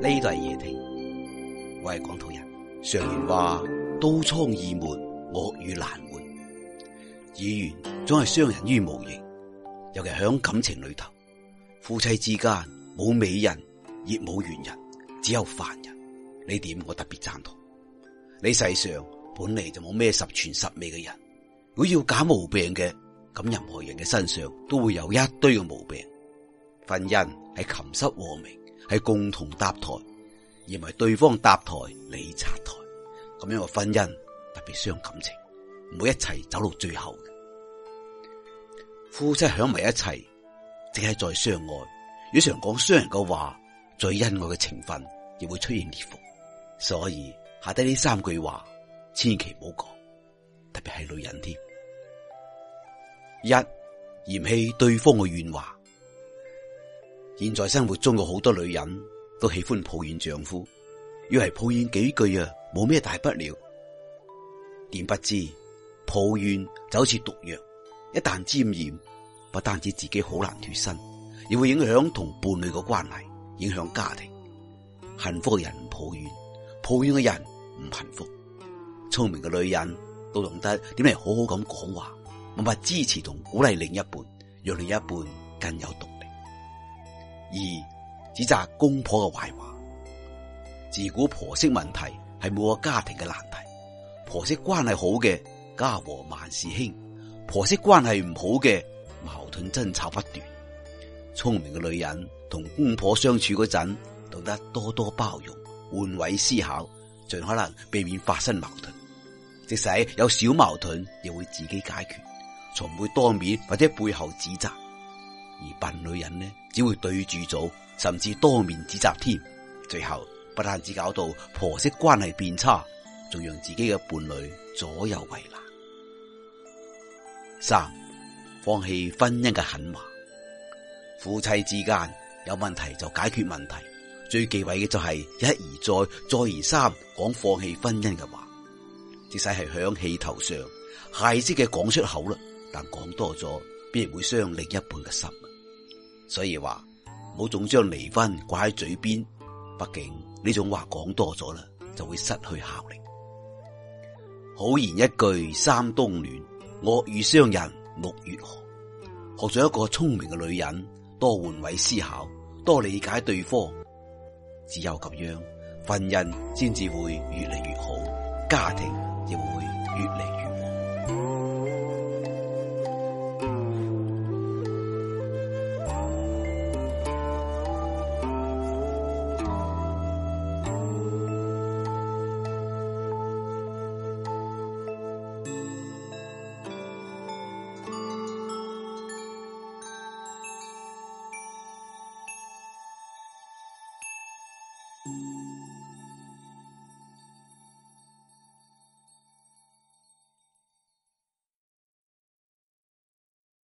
呢度係夜聽，我係廣土人。常言話，刀瘡易滅，惡語難滅。語言總係傷人於無形，尤其喺感情裏頭，夫妻之間冇美人，亦冇完人，只有凡人。呢點我特別贊同。你世上本嚟就冇咩十全十美嘅人，如果要假毛病嘅，咁任何人嘅身上都會有一堆嘅毛病。婚姻係琴瑟和鳴。係共同搭台，而唔係對方搭台你拆台，咁樣嘅婚姻特別傷感情，唔會一齊走到最後。夫妻響埋一齊，淨係在相愛。如果常講傷人嘅話，最恩愛嘅情分亦會出現裂縫。所以下低呢三句話，千祈唔好講，特別係女人添。一嫌棄對方嘅怨話。現在生活中嘅好多女人都喜歡抱怨丈夫，以為抱怨幾句啊，冇咩大不了。點不知抱怨就好似毒藥，一旦沾染，不單止自己好難脫身，亦會影響同伴侶嘅關係，影響家庭。幸福嘅人唔抱怨，抱怨嘅人唔幸福。聰明嘅女人都懂得點嚟好好咁講話，默默支持同鼓勵另一半，讓另一半更有毒。二、指責公婆嘅壞話，自古婆媳問題係每個家庭嘅難題。婆媳關係好嘅，家和萬事興；婆媳關係唔好嘅，矛盾爭吵不斷。聰明嘅女人同公婆相處嗰陣，懂得多多包容、換位思考，盡可能避免發生矛盾。即使有小矛盾，亦會自己解決，從唔會當面或者背後指責。而笨女人呢，只會對住做，甚至多面指責添，最後不但只搞到婆媳關係變差，仲讓自己嘅伴侶左右為難。三，放棄婚姻嘅狠話，夫妻之間有問題就解決問題，最忌諱嘅就係一而再，再而三講放棄婚姻嘅話，即使係響氣頭上，孩子嘅講出口啦，但講多咗，必然會傷另一半嘅心。所以話，唔好總將離婚掛喺嘴邊，畢竟呢種話講多咗啦，就會失去效力。好言一句三冬暖，惡語傷人六月寒。學着一個聰明嘅女人，多換位思考，多理解對方，只有咁樣，婚姻先至會越嚟越好，家庭亦會越嚟。